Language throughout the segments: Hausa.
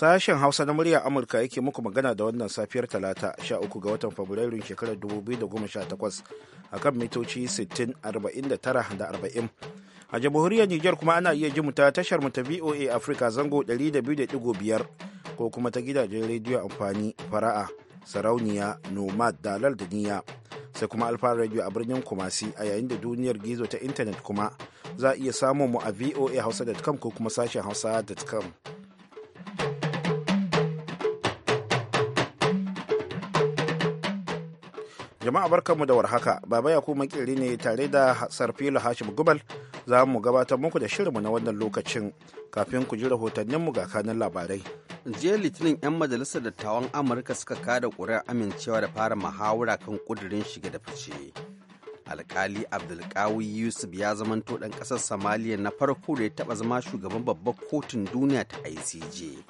Sashen Hausa na murya Amurka yake muku magana da wannan safiyar Talata 13 ga watan Fabrairun shekarar 2018 akan mitoci 60, arba'in da 40. a jamhuriyar Nijar kuma ana iya ji ta tashar mu ta VOA Africa zango 200.5 ko kuma ta gidajen rediyo amfani fara'a sarauniya nomad dalar da niya sai kuma alfa rediyo a birnin kumasi a yayin da duniyar gizo ta intanet kuma za a iya samun mu a voa hausa.com ko kuma sashen hausa.com jama'a barkanmu da warhaka baba ya kuma kiri ne tare da sarfilo hashim gubal za mu gabatar muku da shirinmu na wannan lokacin kafin ku ji rahotanninmu ga kanin labarai jiya litinin 'yan majalisar dattawan amurka suka kada ƙuri'ar amincewa da fara muhawara kan ƙudurin shiga da fice alkali abdulkawi yusuf ya zamanto ɗan ƙasar somaliya na farko da ya taɓa zama shugaban babbar kotun duniya ta icj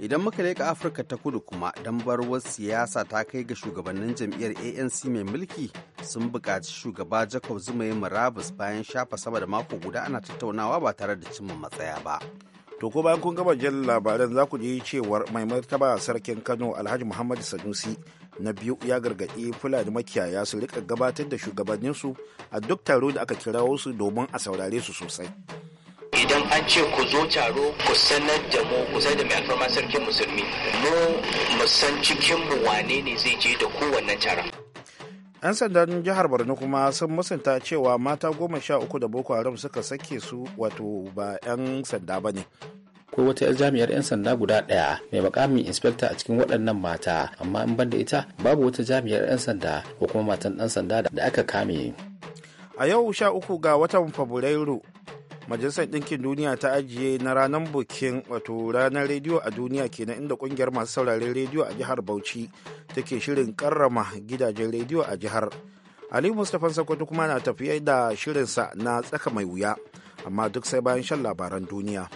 idan muka leƙa afirka ta kudu kuma dambarwar siyasa ta kai ga shugabannin jam'iyyar anc mai mulki sun buƙaci shugaba jacob zuma yi murabus bayan shafa sama da mako guda ana tattaunawa ba tare da cimma matsaya ba to ko bayan kun gama jin labaran za ku ji cewar mai martaba sarkin kano alhaji muhammadu sanusi na biyu ya gargaɗi fulani makiyaya su rika gabatar da shugabanninsu a duk taro da aka kirawo su domin a saurare su sosai idan an ce ku zo taro ku sanar da mu ku sanar da mai alfarma sarkin musulmi mu mu san cikin mu wane ne zai je da kowanne taron 'yan sandan jihar borno kuma sun musanta cewa mata goma sha uku da boko haram suka sake su wato ba 'yan sanda ba ne ko wata 'yar jami'ar 'yan sanda guda ɗaya mai makamin inspector a cikin waɗannan mata amma in banda ita babu wata jami'ar 'yan sanda ko kuma matan ɗan sanda da aka kame a yau sha uku ga watan fabrairu majalisar ɗinkin duniya ta ajiye na ranar bukin wato ranar rediyo a duniya kenan inda ƙungiyar masu sauraren rediyo a jihar bauchi take shirin karrama gidajen rediyo a jihar ali mustapha sakwato kuma na tafiye da shirinsa na tsaka mai wuya amma duk sai bayan shan labaran duniya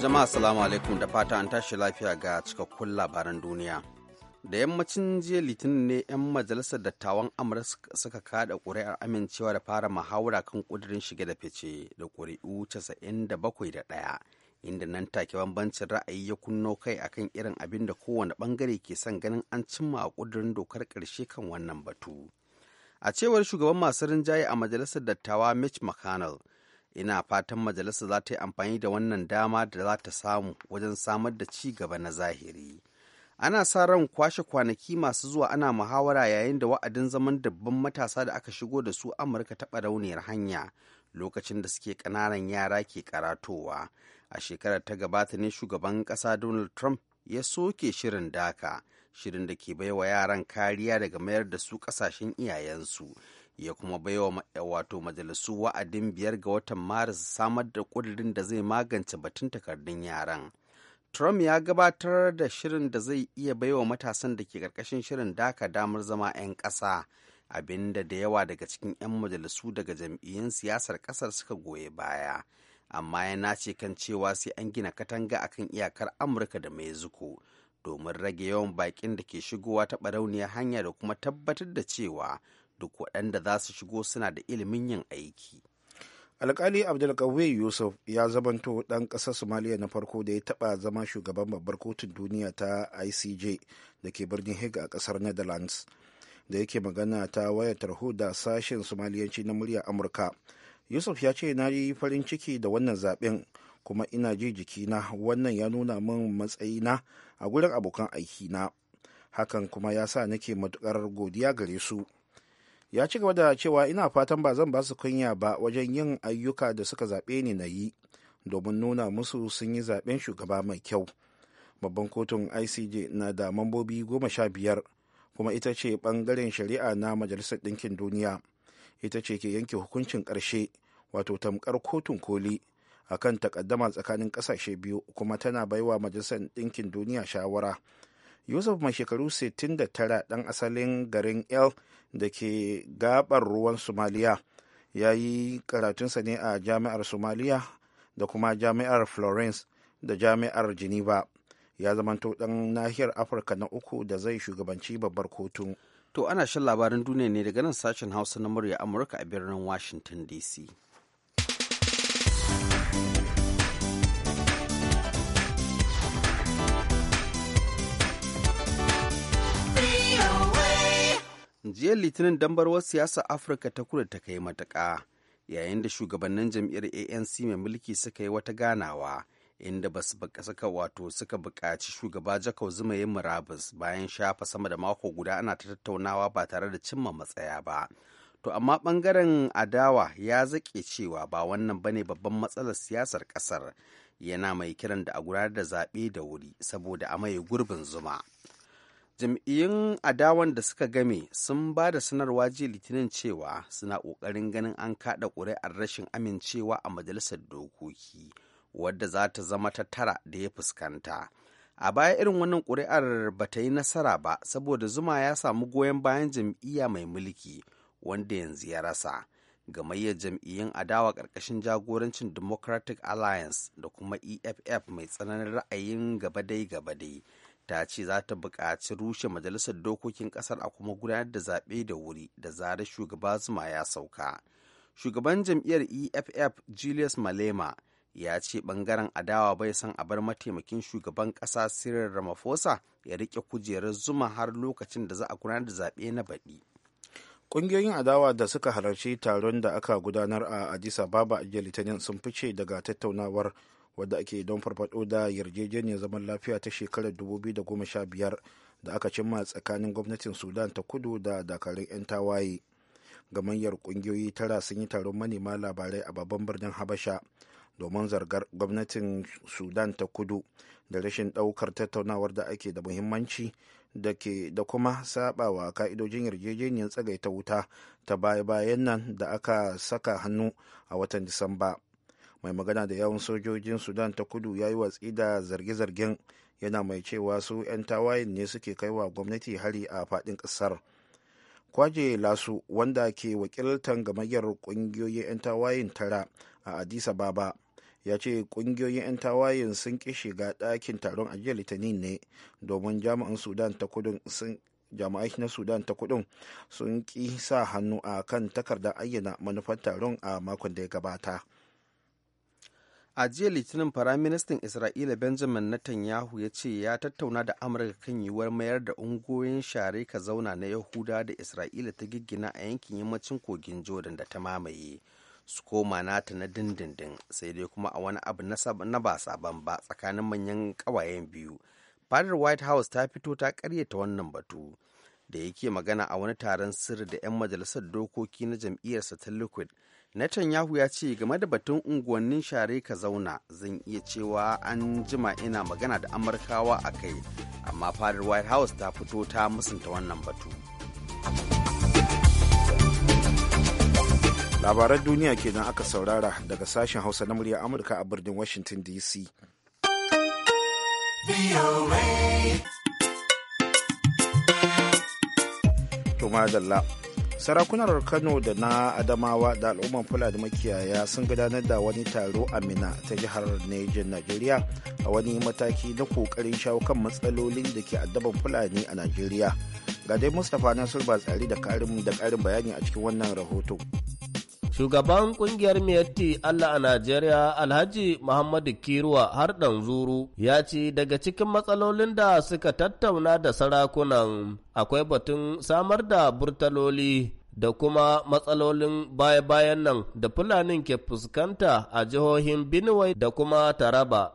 jama'a salamu alaikum da fata an tashi lafiya ga cikakkun labaran duniya da yammacin jiya litinin ne 'yan majalisar dattawan amurka suka kada ƙuri'ar amincewa da fara muhawara kan ƙudirin shige da fice da ƙuri'u 97.1 inda nan take bambancin ra'ayi ya kunno kai akan irin abin da kowane bangare ke son ganin an cimma a ƙudirin dokar karshe kan wannan batu a cewar shugaban masu rinjaye a majalisar dattawa mitch mcconnell ina fatan majalisar za ta yi amfani da wannan dama da za ta samu wajen samar da ci gaba na zahiri ana sa ran kwashe kwanaki masu zuwa ana muhawara yayin da wa'adin zaman dabban matasa da aka shigo da su amurka ta ɓarauniyar hanya lokacin da suke ƙananan yara ke karatowa a shekarar ta gabata ne shugaban ƙasa donald trump ya soke shirin daka shirin da ke baiwa yaran kariya daga mayar da su ƙasashen iyayensu ya kuma baiwa wato majalisu wa'adin biyar ga watan maris samar da ƙudurin da zai magance batun takardun yaran Trump ya gabatar da shirin da zai iya baiwa matasan da ke ƙarƙashin shirin daka damar zama 'yan ƙasa, abinda da yawa daga cikin 'yan majalisu daga jam'iyyun siyasar ƙasar suka goye baya. Amma ya nace kan cewa sai an gina katanga a kan iyakar Amurka da Mexico domin rage yawan baƙin da ke shigowa ta barauniyar hanya da kuma tabbatar da cewa duk waɗanda za su shigo suna da ilimin yin aiki. alkali abdulkawe yusuf ya zamanto ɗan ƙasar somaliya na farko da ya taɓa zama shugaban babbar kotun duniya ta icj da ke birnin hig a ƙasar netherlands da yake magana ta wayar tarho da sashen somaliyanci na muryar amurka yusuf ya ce na yi farin ciki da wannan zaben kuma ina ji jikina wannan ya nuna min matsayina a gurin abokan aikina hakan kuma ya sa nake matukar godiya gare su ya ci gaba da cewa ina fatan ba zan ba su kunya ba wajen yin ayyuka da suka zaɓe ni na yi domin nuna musu sun yi zaɓen shugaba mai kyau babban kotun icj na da mambobi goma sha biyar kuma ita ce ɓangaren shari'a na majalisar ɗinkin duniya ita ce ke yanke hukuncin ƙarshe wato tamkar kotun koli akan takaddama tsakanin ƙasashe biyu kuma tana baiwa majalisar ɗinkin duniya shawara yusuf mai shekaru 69 ɗan asalin garin el da ke gabar ruwan somaliya ya yi karatunsa ne a jami'ar somaliya da kuma jami'ar florence da jami'ar geneva ya zamanto ɗan nahiyar afirka na uku da zai shugabanci babbar kotu to ana shan labarin duniya ne daga nan sashen hausa na murya amurka a birnin washington dc jiya litinin dambarwar siyasa afirka ta kudu ta kai matuka, yayin da shugabannin jam'iyyar anc mai mulki suka yi wata ganawa inda ba su saka wato suka buƙaci shugaba jakau zuma yin murabus bayan shafa sama da mako guda ana ta tattaunawa ba tare da cimma matsaya ba to amma ɓangaren adawa ya zaƙe cewa ba wannan ba ne babban matsalar siyasar ƙasar yana mai kiran da a gudanar da zaɓe da wuri saboda a maye gurbin zuma jam'iyyun adawan da suka game sun ba da sanarwa jiya litinin cewa suna ƙoƙarin ganin an kaɗa ƙuri'ar rashin amincewa a majalisar dokoki wadda za ta zama ta tara da ya fuskanta a baya irin wannan ƙuri'ar ba ta yi nasara ba saboda zuma ya samu goyon bayan jam'iyya mai mulki wanda yanzu ya rasa gamayyar jam'iyyun adawa ƙarƙashin jagorancin democratic alliance da kuma eff mai tsananin ra'ayin gabadai-gabadai ta ce za ta buƙaci rushe majalisar dokokin ƙasar a kuma gudanar da zaɓe da wuri da zarar shugaba zuma ya sauka shugaban jam'iyyar eff julius malema ya ce ɓangaren adawa bai san a bar mataimakin shugaban ƙasa cyril ramaphosa ya rike kujerar zuma har lokacin da za a gudanar da zaɓe na baɗi ƙungiyoyin adawa da suka halarci taron da aka gudanar a addis ababa a jiya litinin sun fice daga tattaunawar wadda ake don farfado da yarjejeniyar zaman lafiya ta shekarar 2015 da aka cimma tsakanin gwamnatin sudan ta kudu da dakarun 'yan tawaye gamayyar kungiyoyi tara sun yi taron manema labarai a babban birnin habasha domin zargar gwamnatin sudan ta kudu da rashin daukar tattaunawar da ake da muhimmanci da kuma sabawa ka'idojin yarjejeniyar tsagaita wuta ta baya-bayan nan da aka saka hannu a watan disamba mai magana da yawan sojojin sudan ta kudu ya yi watsi da zarge-zargen yana mai cewa su 'yan tawayen ne suke kaiwa gwamnati hari a fadin kasar kwaje lasu wanda ke wakiltar gamayyar kungiyoyin 'yan tawayen tara a addis ababa ya ce ƙungiyoyin 'yan tawayen sun ki shiga ɗakin taron ajiyar litinin ne domin jami'an sudan ta jami'ai na sudan ta kudin sun ƙi sa hannu a kan takardar ayyana manufar taron a makon da ya gabata a jiya litinin firaministan isra'ila benjamin netanyahu ya ce ya tattauna da amurka kan yiwuwar mayar da ungoyin share ka zauna na yahuda da isra'ila ta giggina a yankin yammacin kogin jordan da ta mamaye su koma nata na dindindin sai dai kuma a wani abu na ba sabon ba tsakanin manyan kawayen biyu fadar white house ta fito ta karyata wannan batu da yake magana a wani taron sirri da 'yan majalisar dokoki na jam'iyyarsa ta liquid Netanyahu ya ce game da batun unguwannin share ka zauna zan iya cewa an jima ina magana da Amurkawa a kai, amma fadar White House ta fito ta musunta wannan batu. Labaran duniya kenan aka saurara daga sashen Hausa na murya Amurka a birnin Washington DC. To madalla sarakunar kano da na adamawa da al'umman fulani makiyaya sun gudanar da wani taro a mina ta jihar Niger najeriya a wani mataki na kokarin shawo kan matsalolin da ke addaban fulani a najeriya ga dai mustapha nasir ba tsari da karin bayani a cikin wannan rahoto Shugaban kungiyar Miyatti Allah a Najeriya Alhaji Muhammadu Kiruwa har ɗan zuru ya ce daga cikin matsalolin da suka tattauna da sarakunan akwai batun samar da burtaloli da kuma matsalolin baya-bayan nan da fulanin ke fuskanta a jihohin Benue da kuma Taraba.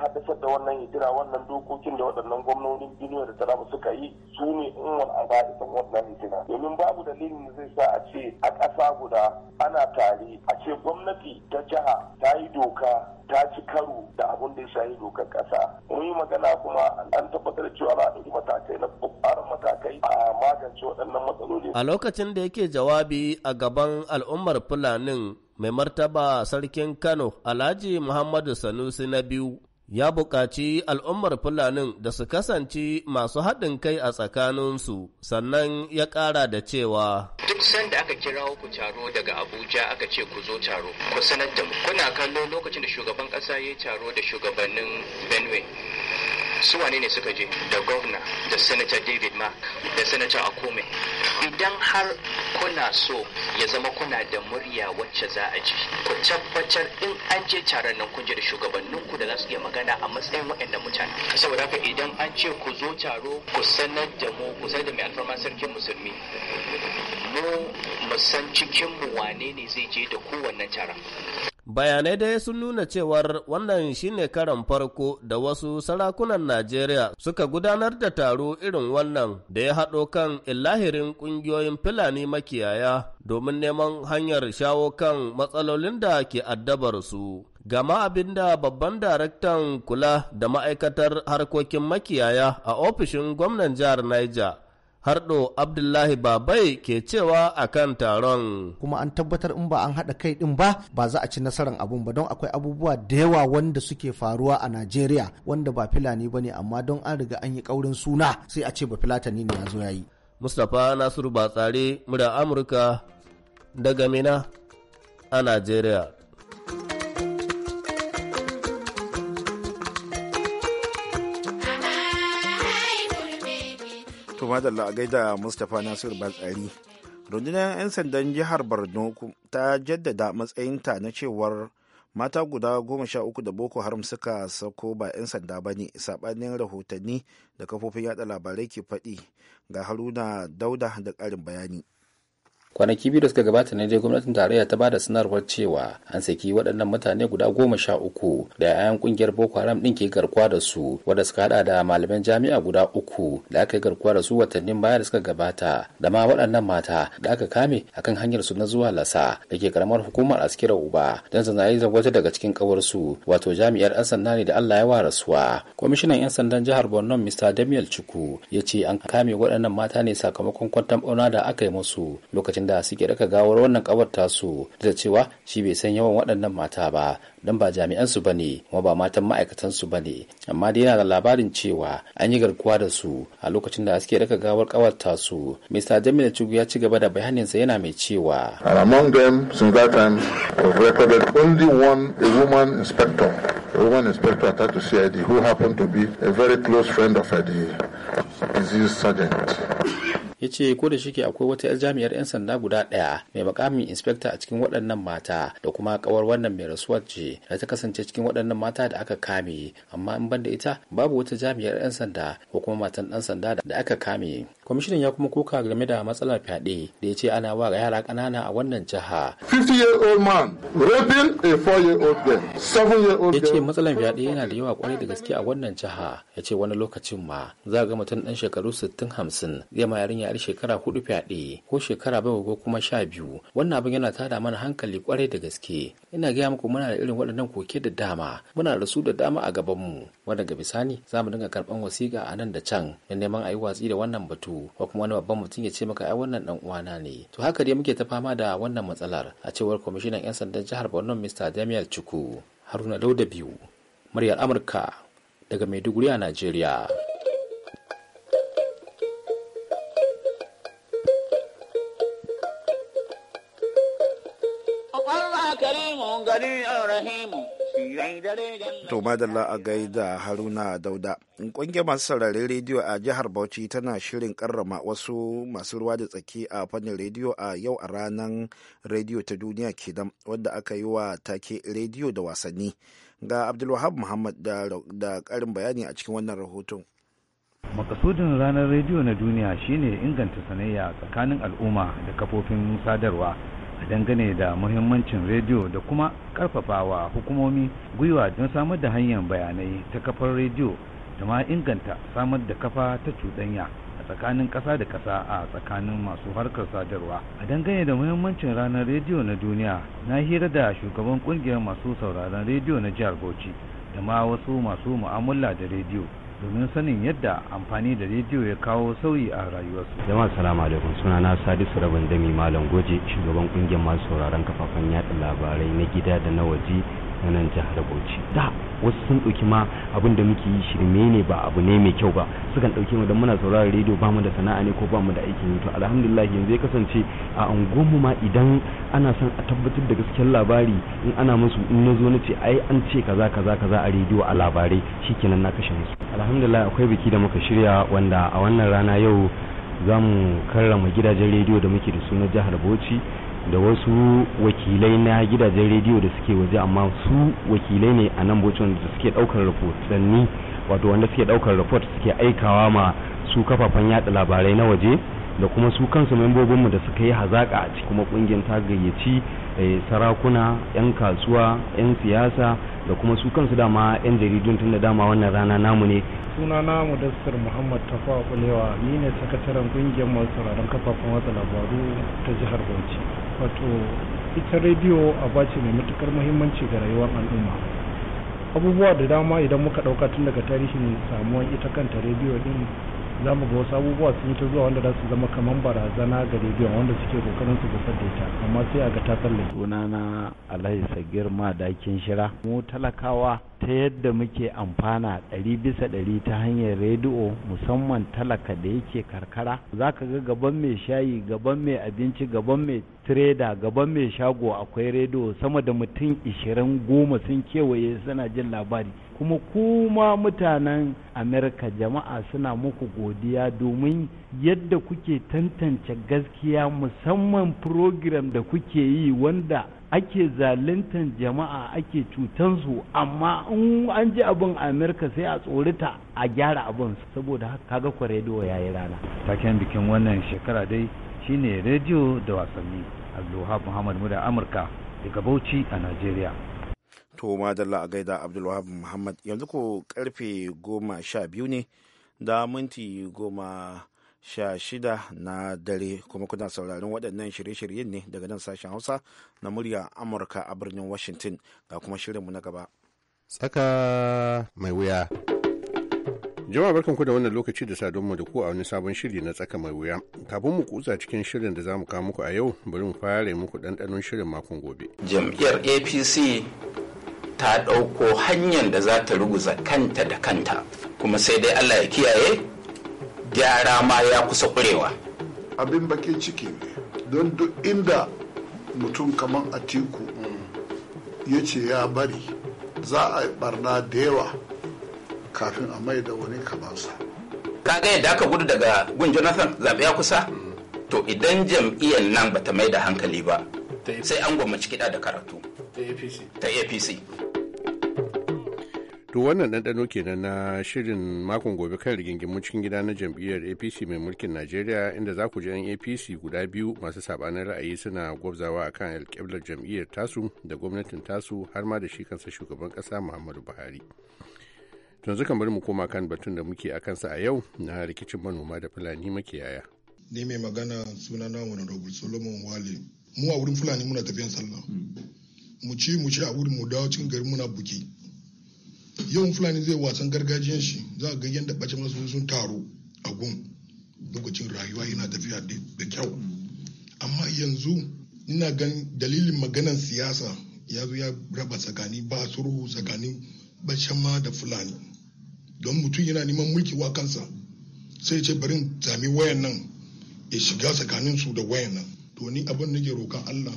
haddasar da wannan hijira wannan dokokin da waɗannan gwamnonin duniya da taraba suka yi su ne in wani aba'isan wannan hijira domin babu dalilin da zai sa a ce a ƙasa guda ana tare a ce gwamnati ta jiha ta yi doka ta ci karo da abin da ya shahi dokar ƙasa mun yi magana kuma an tabbatar cewa za a ɗauki matakai na ƙwaƙwaran matakai a magance waɗannan matsaloli. a lokacin da yake jawabi a gaban al'ummar fulanin mai martaba sarkin kano alhaji muhammadu sanusi na biyu ya buƙaci al'ummar Fulanin da su kasance masu haɗin kai a tsakaninsu sannan ya ƙara da cewa. Duk sanda aka kira ku taro daga Abuja aka ce ku zo taro, ku sanar da mu. Kuna kallo lokacin da shugaban ƙasa ya taro da shugabannin Benue. su wane ne suka je da gwamna da senator david mark da senator akome idan har kuna so ya zama kuna da murya wacce za a ji ku tabbatar in an je taron nan kun je da shugabanninku da za su iya magana a matsayin waɗannan mutane saboda haka idan an ce ku zo taro ku sanar da mu ku sanar da mai alfarma sarkin musulmi mu mu san cikin mu wane ne zai je da kowane taron bayanai dai sun nuna cewar wannan shine karan farko da wasu sarakunan Najeriya suka gudanar da taro irin wannan da ya haɗo kan illahirin ƙungiyoyin Fulani makiyaya domin neman hanyar shawo kan matsalolin da ke addabar su. Gama abin da babban daraktan kula da ma'aikatar harkokin makiyaya a ofishin gwamnan jihar Niger. hardo abdullahi babai ke cewa a kan taron kuma an tabbatar in ba an haɗa kai ɗin ba ba za a ci nasarar abun ba don akwai abubuwa da yawa wanda suke faruwa a najeriya wanda ba filani ba ne amma don an riga an yi ƙaurin suna sai a ce ba filatani ne ya zo ya yi mustapha nasiru batsari murya amurka daga mina a najeriya to da a gaida mustapha nasiru batsari rundunar 'yan sandan jihar borno ta jaddada matsayinta na cewar mata guda goma sha uku da boko haram suka sako ba 'yan sanda ba ne sabanin rahotanni da kafofin yada labarai ke faɗi ga haruna dauda da ƙarin bayani kwanaki biyu da suka gabata ne dai gwamnatin tarayya ta bada sanarwar cewa an saki waɗannan mutane guda goma sha uku da yayan kungiyar boko haram ɗin ke garkuwa da su wadda suka haɗa da malaman jami'a guda uku da aka yi garkuwa da su watannin baya da suka gabata da ma waɗannan mata da aka kame akan hanyar su na zuwa lasa da ke karamar hukumar askira uba don su yi wata daga cikin ƙawarsu wato jami'ar 'yan sanda ne da allah ya wa rasuwa kwamishinan 'yan sandan jihar borno mr damiel chuku ya ce an kame waɗannan mata ne sakamakon kwantan ɓauna da aka yi musu lokacin lokacin da suke raka gawar wannan kabar tasu da cewa shi bai san yawan waɗannan mata ba don ba jami'an su bane kuma ba matan ma'aikatan su bane amma dai yana da labarin cewa an yi garkuwa da su a lokacin da suke raka gawar kawar tasu Mr. Jamila Chugu ya ci gaba da bayanin sa yana mai cewa and among them since that time we've recorded only one a woman inspector a woman inspector to CID who happened to be a very close friend of the disease sergeant ya ce ko da shike akwai wata 'yar jami'ar 'yan sanda guda ɗaya mai makamin inspekta a cikin waɗannan mata da kuma kawar wannan mai rasuwar ce da ta kasance cikin waɗannan mata da aka kame amma in banda ita babu wata jami'ar 'yan sanda ko kuma matan ɗan sanda da aka kame kwamishinan ya kuma koka game da matsalar fyaɗe da ya ce ana wa yara ƙanana a wannan jiha 50 year old man raping a 4 year old girl 7 year ya ce matsalar fyaɗe yana da yawa kwarai da gaske a wannan jiha ya ce wani lokacin ma za ga mutum ɗan shekaru sittin hamsin. zai ma yarinya yar shekara hudu fyaɗe ko shekara bakwai ko kuma sha biyu wannan abin yana tada mana hankali kwarai da gaske ina gaya muku muna da irin waɗannan koke da dama muna da su da dama a gabanmu wanda ga bisani za mu dinga karɓan wasiƙa a nan da can na neman a yi watsi da wannan batu ko kuma wani babban mutum ya ce maka ai wannan dan uwana ne to haka dai muke ta fama da wannan matsalar a cewar kwamishinan yan sandan jihar Borno Mr. Damiel Chuku Haruna Dauda biyu muryar Amurka daga Maiduguri a Najeriya Karimun To madalla a gaida Haruna Dauda. Ƙungiyar masu sauraren rediyo a jihar Bauchi tana shirin karrama wasu masu ruwa da tsaki a fannin rediyo a yau a ranar rediyo ta duniya kenan wadda aka yi wa take rediyo da wasanni. Ga Abdulwahab Muhammad da karin bayani a cikin wannan rahoton. Makasudin ranar rediyo na duniya shine inganta sanayya tsakanin al'umma da kafofin sadarwa a dangane da muhimmancin rediyo da kuma karfafawa hukumomi gwiwa don samar da hanyar bayanai ta kafar rediyo da ma inganta samar da kafa ta cuɗanya a tsakanin ƙasa da ƙasa a tsakanin masu harkar sadarwa a dangane da muhimmancin ranar rediyo na duniya na hira da shugaban ƙungiyar masu sauraron rediyo na jihar bauchi da ma wasu masu mu'amala da rediyo domin sanin yadda amfani da rediyo ya kawo sauyi a rayuwarsu. Jama'a salamu alaikum suna na Sadisu Rabin Dami Malam Goje shugaban kungiyar masu sauraron kafafen yaɗa labarai na gida da na waje na nan jihar Bauchi. Da wasu sun ɗauki ma abin da muke yi shirme ne ba abu ne mai kyau ba sukan ɗauki mu don muna sauraron rediyo ba mu da sana'a ne ko ba mu da aikin yi to alhamdulillah yanzu ya kasance a unguwanmu ma idan ana son a tabbatar da gaskiyar labari in ana musu in na zo na ce ai an ce kaza kaza kaza a rediyo a labarai shi kenan na kashe musu alhamdulillah akwai biki da muka shirya wanda a wannan rana yau za mu karrama gidajen rediyo da muke da su na jihar bauchi da wasu wakilai na gidajen rediyo da suke waje amma su wakilai ne a nan bocin da suke daukar rahotanni wato wanda suke daukar rahot suke aikawa ma su kafafen yada labarai na waje da kuma su kansu membobinmu da suka yi hazaka a cikin kuma kungiyar ta gayyaci eh, sarakuna 'yan kasuwa 'yan siyasa da kuma su kansu dama 'yan jaridun tun da dama wannan rana namu ne suna na mudassir muhammad tafa kulewa ni ne sakataren kungiyar masu sauraron kafafen watsa labaru ta jihar bauchi wato ita rediyo a ce mai matukar muhimmanci ga rayuwar al'umma abubuwa da dama idan muka ɗauka tun daga tarihin samuwar ita kanta rediyo din za mu ga wasu abubuwa sun yi ta zuwa wanda za su zama kamar barazana ga rediyo wanda suke kokarin su gusar da ita amma sai a ga ta tsalle sunana alhaji sagir dakin shira mu talakawa ta yadda muke amfana ɗari bisa ɗari ta hanyar rediyo musamman talaka da yake karkara za ka ga gaban mai shayi gaban mai abinci gaban mai tireda gaban mai shago akwai rediyo sama da mutum ishirin goma sun kewaye suna jin labari kuma kuma mutanen amerika jama'a suna muku godiya domin yadda kuke tantance gaskiya musamman program da kuke yi wanda ake zaluntan jama'a ake cutansu amma in an ji abin amerika sai a tsorita a gyara abin saboda kaga kwa rediyo ya yi rana taken bikin wannan shekara dai shine rediyo da wasanni abdulwahab muhammad muda amurka daga bauchi a nigeria to madalla a gaida abdulwahab muhammad yanzu ko karfe goma sha biyu ne da minti goma sha shida na dare kuma kuna sauraron waɗannan shirye-shiryen ne daga nan sashen hausa na murya amurka a birnin washington ga kuma shirinmu na gaba tsaka mai wuya jama'a barkanku da wannan lokaci da sadonmu da ku a wani sabon shiri na tsaka mai wuya kafin mu kutsa cikin shirin da za mu kawo muku a yau bari mu fara muku ɗanɗanon shirin makon gobe jam'iyyar apc ta ɗauko hanyar da za ta ruguza kanta da kanta kuma sai dai allah ya kiyaye gyara ma ya kusa ƙurewa abin bakin ciki ne don duk inda mutum kamar atiku ya ce ya bari za a barna da yawa kafin a mai da wani kamansa kaga yadda aka gudu daga gun jonathan zaɓe ya kusa to idan jam'iyyar nan bata mai da hankali ba sai an gwamnati kiɗa da karatu ta apc to wannan ɗanɗano kenan na shirin makon gobe kan rigingimu cikin gida na jam'iyyar apc mai mulkin najeriya inda za ku ji yan apc guda biyu masu sabanin ra'ayi suna gwabzawa akan alƙiblar jam'iyyar tasu da gwamnatin tasu har ma da shi kansa shugaban ƙasa muhammadu buhari yanzu kan bari mu koma kan batun da muke a kansa a yau na rikicin manoma da fulani makiyaya ni mai magana suna na Robert solomon wale mu a wurin fulani muna tafiyan sallah mm. mu ci mu ci a wurin mu dawo cikin garin muna buki yawan fulani zai wasan gargajiyan shi za a ga yadda ɓace masu sun taru a gun lokacin rayuwa yana tafiya da kyau amma yanzu ina gan dalilin maganan siyasa ya zo ya raba tsakani ba tsakani tsakanin bashama da fulani don mutum yana neman mulki wa kansa sai ce bari zami wayan nan ya shiga tsakanin su da wayan nan to ni abin nake roƙon Allah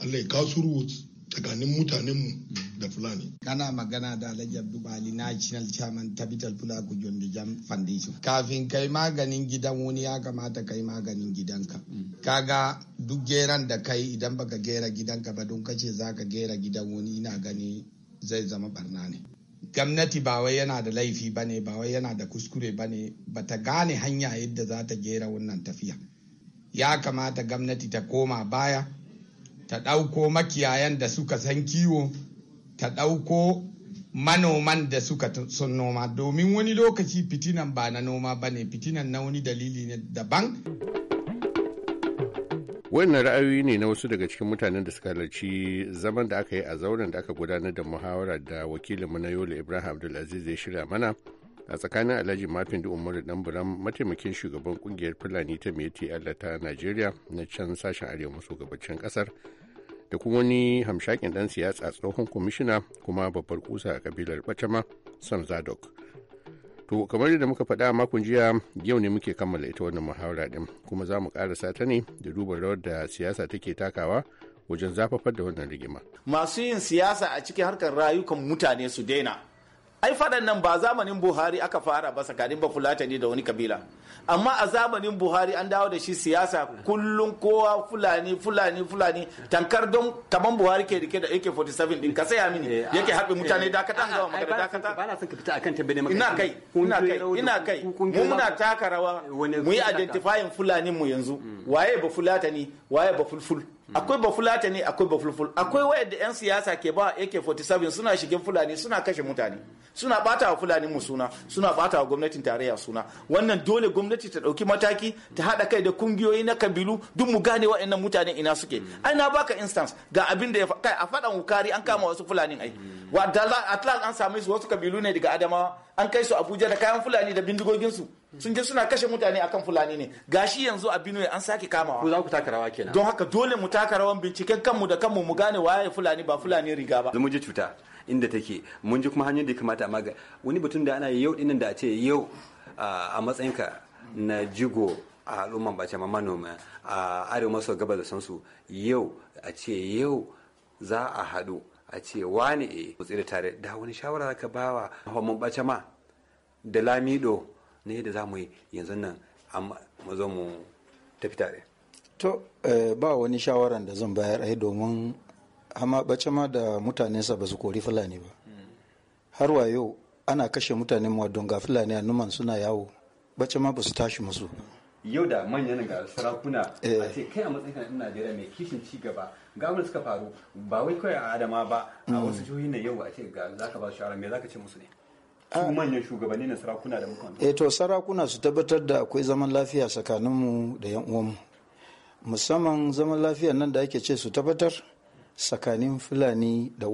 Allah ya kawo sulhu tsakanin mutanenmu da fulani kana magana da alhaji abdubali national chairman capital fulaku jondi jam foundation kafin kai maganin gidan wani ya kamata kai maganin gidanka kaga duk geran da kai idan baka gera gidanka ba don kace zaka gera gidan wani ina gani zai zama barna ne gwamnati ba wai yana da laifi ba ne ba wai yana da kuskure ba ne ba ta gane hanya yadda za ta gera wannan tafiya ya kamata gwamnati ta koma baya ta ɗauko makiyayan da suka san kiwo ta ɗauko manoman da suka sun noma domin wani lokaci fitinan ba na noma ba ne fitinan na wani dalili ne daban. wannan ra'ayoyi ne na wasu daga cikin mutanen da suka halarci zaman da aka yi a zauren da aka gudanar da muhawara da wakilinmu na yola ibrahim abdulaziz ya shirya mana a tsakanin alhaji mafin da umaru buram mataimakin shugaban kungiyar fulani ta meti ta nigeria na can sashen arewa maso gabacin kasar da kuma wani hamshakin dan siyasa tsohon kwamishina kuma babbar kusa a kabilar bacama sam zadok to kamar yadda muka faɗa a makon jiya yau ne muke kammala ita wannan muhawara din kuma za mu ƙarasa ta ne da duba rawar da siyasa take takawa wajen zafafar da wannan rigima masu yin siyasa a cikin harkar rayukan mutane su daina ai faɗan nan ba zamanin buhari aka fara ba tsakanin ba fulatani da wani kabila amma a zamanin buhari an dawo da shi siyasa kullum kowa fulani fulani fulani tankar don kaman buhari ke rike da ak-47 din ka saya mini eh, yake ah, harbe mutane eh. dakatan gawa ah, magana dakata ba na son ka fita akan tambaye maka ina kai ina kai ina kai mu muna taka rawa mu yi identifying fulani mu yanzu mm. waye ba fulatani waye ba fulful akwai bafulata ne akwai bafulful akwai wayar da 'yan siyasa ke ba ak-47 suna shigin fulani suna kashe mutane suna bata wa fulani mu suna suna bata wa gwamnatin tarayya suna wannan dole gwamnati ta dauki mataki ta hada kai da kungiyoyi na kabilu duk mu gane wa'annan mutane ina suke ai na baka instance ga abin da ya kai a fadan wukari an kama wasu fulani ai wa atlas an same su wasu kabilu ne daga adamawa an kai su abuja da kayan fulani da bindigoginsu sun je suna kashe mutane akan fulani ne gashi yanzu a benue an sake kamawa ku za ku taka rawa kenan don haka dole mu taka rawan binciken kanmu da kanmu mu gane waye fulani ba fulani riga ba mun ji cuta inda take mun ji kuma hanyar da ya kamata amma wani batun da ana yau dinnan da a ce yau a matsayinka na jigo a al'umman bace ma manoma a arewa maso gabas da sansu yau a ce yau za a haɗu a ce wani e eh, kutse da tare da wani shawara zaka bawa mun bace ma da lamido ne da zamu yi yanzu nan amma mu zo mu tafi tare to eh, ba wani shawaran da zan bayar ai domin amma bace ma da sa ba su kori fulani ba har wa yau ana kashe mutanen mu don ga fulani a numan suna yawo bace ma ba su tashi musu yau da manyan ga sarakuna eh. a ce kai a matsayin na Najeriya mai kishin ci gaba ga suka faru ba wai kawai a adama ba a wasu jihohi na yau a ce ga ka ba shawara me ka ce musu ne ah. manyan shugabanni na sarakuna da mukan eh to sarakuna su tabbatar da akwai zaman lafiya tsakaninmu da yan uwanmu musamman zaman lafiya nan da ake ce su tabbatar tsakanin fulani da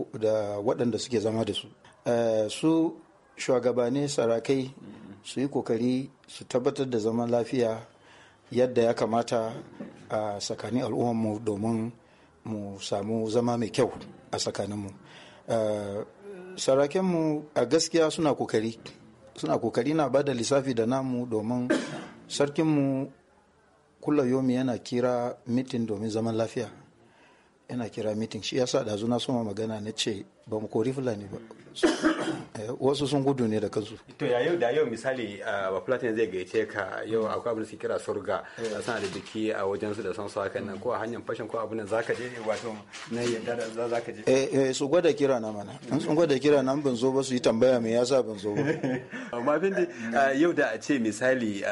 waɗanda suke zama da su eh, su shugabanni sarakai su yi kokari su tabbatar da zaman lafiya yadda ya kamata a tsakanin mu domin mu samu zama mai kyau a tsakaninmu eh, sarakenmu a gaskiya suna kokari suna kokari na bada lissafi da namu domin sarkinmu kula yomi yana kira mitin domin zaman lafiya yana kira mitin shi ya sa da na soma magana na ce ba mu kori fulani ba Eh, wasu sun gudu ne da kansu to ya yau da yau misali ba platin zai gaice ka yau akwai abin da suke kira surga eh. a sana da biki a wajen su da san su haka nan ko a hanyar fashin ko abin da zaka je wato na yadda da zaka je eh, eh su gwada kira na mana in sun gwada kira na ban zo ba su yi tambaya me yasa ban zo ba amma bin yau da a ce misali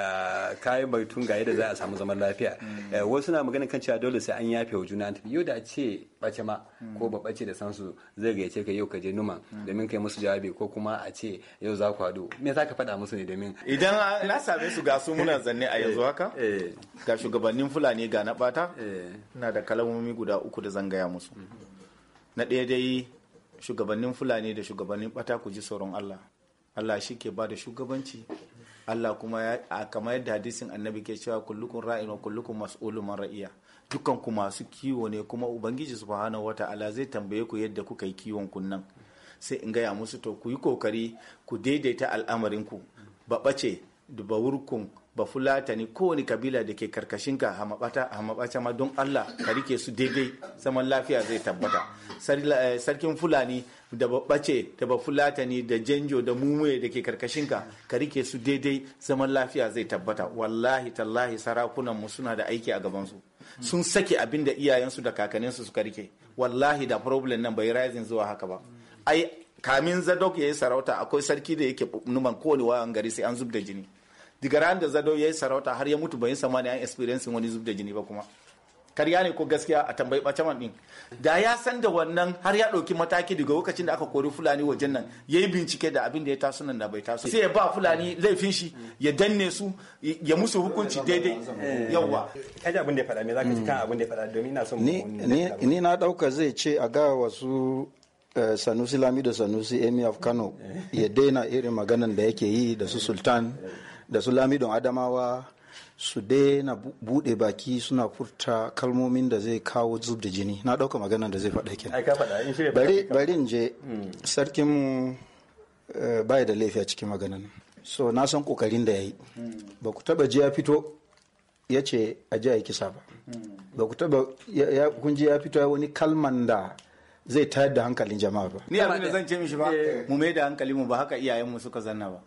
kayan baitun ga yadda za a samu zaman lafiya mm. wasu na magana kan cewa dole sai an yafe wa juna yau da a ce bace ma ko ba bace da sansu zai gayyace ka yau ka je numan domin kai musu jawabi ko kuma a ce yau za ku hadu me za ka faɗa musu ne domin idan na same su ga su muna zanne a yanzu haka eh, eh. ga shugabannin fulani ga na bata eh. ina da kalamomi guda uku da zangaya musu na ɗaya dai shugabannin fulani da shugabannin bata ku ji tsoron Allah Allah shi ke ba da shugabanci Allah kuma kamar yadda hadisin annabi ke cewa kullukun ra'in wa kullukun mas'ulun ra'iya dukanku masu kiwo ne kuma ubangiji subhanahu ta'ala zai tambaye ku yadda kuka yi kiwon kunnan sai in gaya musu to ku yi kokari ku daidaita al'amarin ku ba bace ba wurkun ba fulatani kowane kabila da ke karkashin a hamabata ma don Allah ka rike su daidai zaman lafiya zai tabbata eh, sarkin fulani da bace da ba fulatani da janjo da mumuye da ke karkashinka ka rike su daidai zaman lafiya zai tabbata wallahi tallahi sarakunan mu suna da aiki a gabansu sun sake abin da iyayensu da kakanninsu suka rike wallahi da problem nan bai rising zuwa haka ba ai kamin zadok ya yi sarauta akwai sarki da yake numan kowane wayan gari sai an zub da jini diga ran da zadok ya yi sarauta har ya mutu bai samu an experience wani zub da jini ba kuma karya ne ko gaskiya a tambayi bacaman din da ya san da wannan har ya ɗauki mataki daga lokacin da aka kori fulani wajen nan ya bincike da abin da ya taso nan da bai taso sai ya ba fulani laifin shi ya danne su ya musu hukunci daidai yawwa da abin da ya faɗa me zaka ji kan abin da ya faɗa domin ina son ni na ɗauka zai ce a ga wasu eh, sanusi da sanusi Emi of kano eh. ya daina irin maganan da yake yi da su sultan da su lamidon adamawa su daina bude baki suna furta kalmomin da zai kawo zub da jini na dauka magana da zai faɗa kin bari bari in je mm. sarkin mu eh, bai da laifi a cikin maganan so na san kokarin da yayi mm. ba ku taba ji ya fito ya ce a ji a yi kisa ba mm. ba ku taba kun ji ya fito ya wani kalman da zai tayar da hankalin jama'a ba ni abin da zan ce mishi ba eh. mu mai da hankali mu ba haka iyayen mu suka zanna ba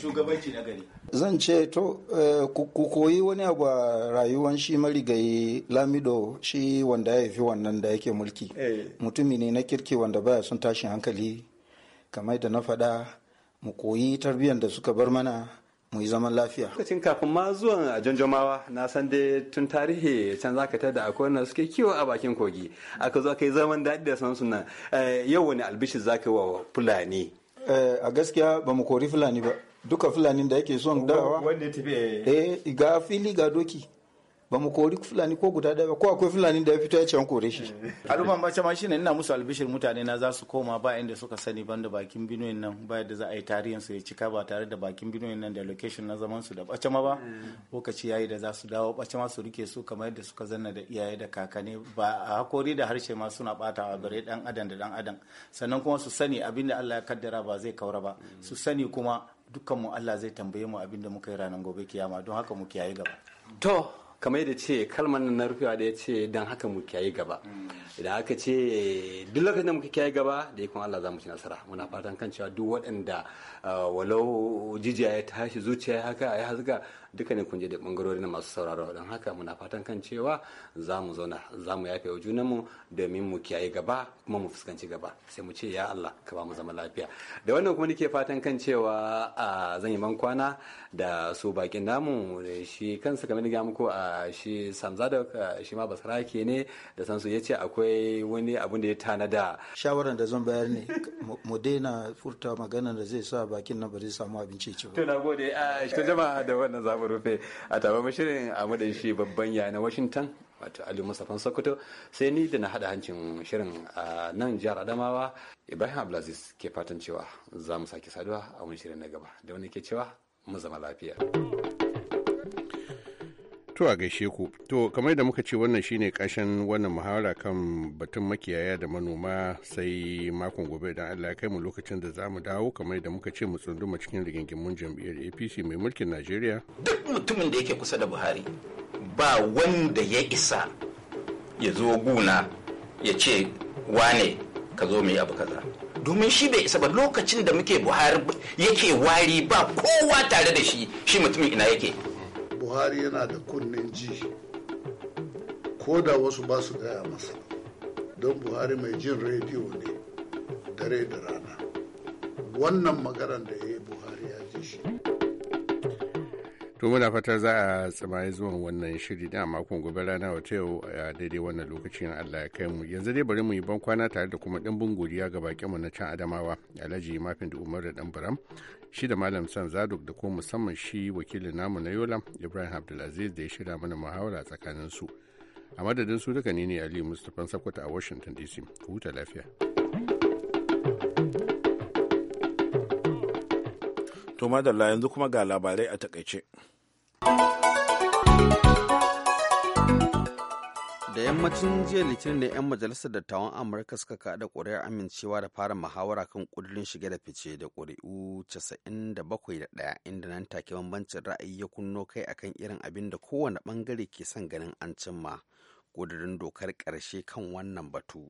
shugabanci na gari zan ce to eh, ku koyi wani abu a rayuwan shi marigayi lamido shi wanda ya haifi wannan da yake mulki eh. mutumi ne na kirki wanda baya sun tashin hankali kamar da na faɗa mu koyi tarbiyyar da suka bar mana mu yi zaman lafiya. Lokacin kafin ma zuwan a janjomawa na san dai tun tarihi can za ka tada akwai wanda suke kiwo a bakin kogi aka zo ka yi zaman daɗi da sansu nan eh, yau wani albishi za ka yi wa fulani. A gaskiya ba mu kori fulani ba. duka fulani da yake son dawa eh ga fili ga doki ba mu kori fulani ko guda daya ba ko akwai fulani da ya fito ya ce an kore shi al'umma ba ma shine ina musu albishir mutane na za su koma ba inda suka sani ban bakin binoyin nan ba yadda za a yi tarihin su ya cika ba tare da bakin binoyin nan da location na zaman su da bace ma ba mm. lokaci yayi da za su dawo bace ma su rike su kamar yadda suka zanna da iyaye da kakane ba a hakori da harshe ma suna batawa bare dan adam da dan adam sannan kuma su sani abinda Allah ya kaddara ba zai kaura ba mm. su sani kuma dukkanmu Allah zai tambaye mu abin da muka yi ranar gobe kiyama don haka mu kiyaye gaba to kamar yadda ce kalmar nan na rufewa da ya ce don haka mu kiyaye gaba idan haka ce duk lokacin da muka kiyaye gaba da ikon Allah za mu ci nasara muna fatan kan cewa duk waɗanda ah, walau jijiya ya tashi zuciya haka ya hazuka Duka ne kun je da bangarori na masu sauraro don haka muna fatan kan cewa za mu zauna za mu yafe wa junanmu domin mu kiyaye gaba kuma mu fuskanci gaba sai mu ce ya Allah ka ba mu zama lafiya da wannan kuma nake fatan kan cewa zan yi bankwana kwana da su bakin namu shi kansa kamar ga muku a shi Samzadok shi ma basarake ne da sansu ya ce akwai wani abun da ya tanada shawaran da zan bayar ne mu daina furta magana da zai sa bakin nan ba zai samu abinci ci ba to nagode a jama'a da wannan zamu mu rufe a taba mashirin a madan shi babban ya na washington wato ali mustapha sokoto sai ni da na hada hancin shirin a nan jihar adamawa ibrahim abdulaziz ke fatan cewa za mu sake saduwa a wani shirin na gaba da wani ke cewa mu zama lafiya. To a gaishe ku. To kamar da muka ce wannan shine kashin wannan muhawara kan batun makiyaya da manoma sai makon gobe idan Allah ya kai mu lokacin da za mu dawo kamar da muka ce mu tsunduma cikin rigingimun jam'iyyar APC mai mulkin Najeriya. Duk mutumin da yake kusa da Buhari ba wanda ya isa ya zo guna ya ce wane ka zo mai abu kaza. domin shi bai isa ba lokacin da muke buhari yake wari ba kowa tare da shi shi mutumin ina yake buhari yana da kunnen ji ko da wasu ba su gaya masa don buhari mai jin rediyo ne dare da rana wannan magaran da ya yi buhari ya ji shi to muna fata za a tsamaye zuwan wannan shiri da makon gobe rana wata yau a daidai wannan lokacin Allah ya kai mu yanzu dai bari mu yi ban kwana tare da kuma dimbin godiya ga bakin mu na can Adamawa Alhaji Mafin da Umar da Dan Baram shi da Malam San Zaduk da ko musamman shi wakilin namu na Yola Ibrahim Abdulaziz da ya shirya mana muhawara tsakanin su a madadin su duka ne ne Ali Mustapha Sakwata a Washington DC huta lafiya to madalla yanzu kuma ga labarai a takaice da yammacin jiya litinin da 'yan majalisar dattawan amurka suka kada ƙuri'ar amincewa da fara muhawara kan ƙudurin shige da fice da ƙuri'u 97.1 inda nan take bambancin ra'ayi ya kunno kai akan irin abin da kowane bangare ke son ganin an cimma ƙudurin dokar ƙarshe kan wannan batu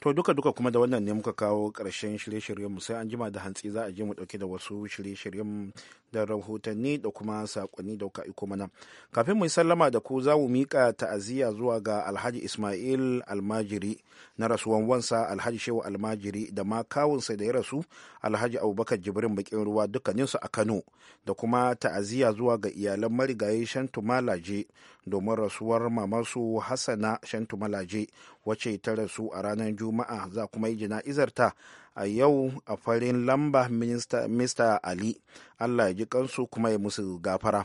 to duka duka kuma da wannan ne muka kawo ƙarshen shirye-shiryen mu sai an jima da hantsi za a je mu ɗauke da wasu shirye-shiryen da rahotanni da kuma sakonni da kuka iko mana kafin mu yi sallama da ku za mu mika ta'aziyya zuwa ga alhaji ismail almajiri na rasuwan wansa alhaji shehu almajiri da ma kawunsa da ya rasu alhaji abubakar jibrin bakin ruwa dukkaninsu a kano da kuma ta'aziyya zuwa ga iyalan marigayi shantu malaje domin rasuwar mamasu hassana shantu malaje wacce ta rasu a ranar juma'a za kuma yi jana'izarta a yau a farin lamba mista ali allah ya ji kansu kuma ya musu gafara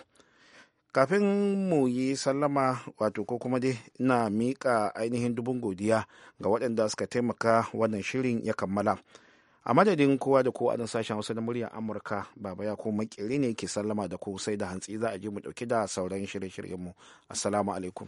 kafin mu yi sallama wato ko kuma dai na miƙa ainihin dubun godiya ga waɗanda suka taimaka wannan shirin ya kammala a madadin kowa da kowa a sashen hausa na muryar amurka baba ya koma ne ke sallama da ku sai da hantsi za a je mu ɗauki da sauran shirye-shiryenmu assalamu alaikum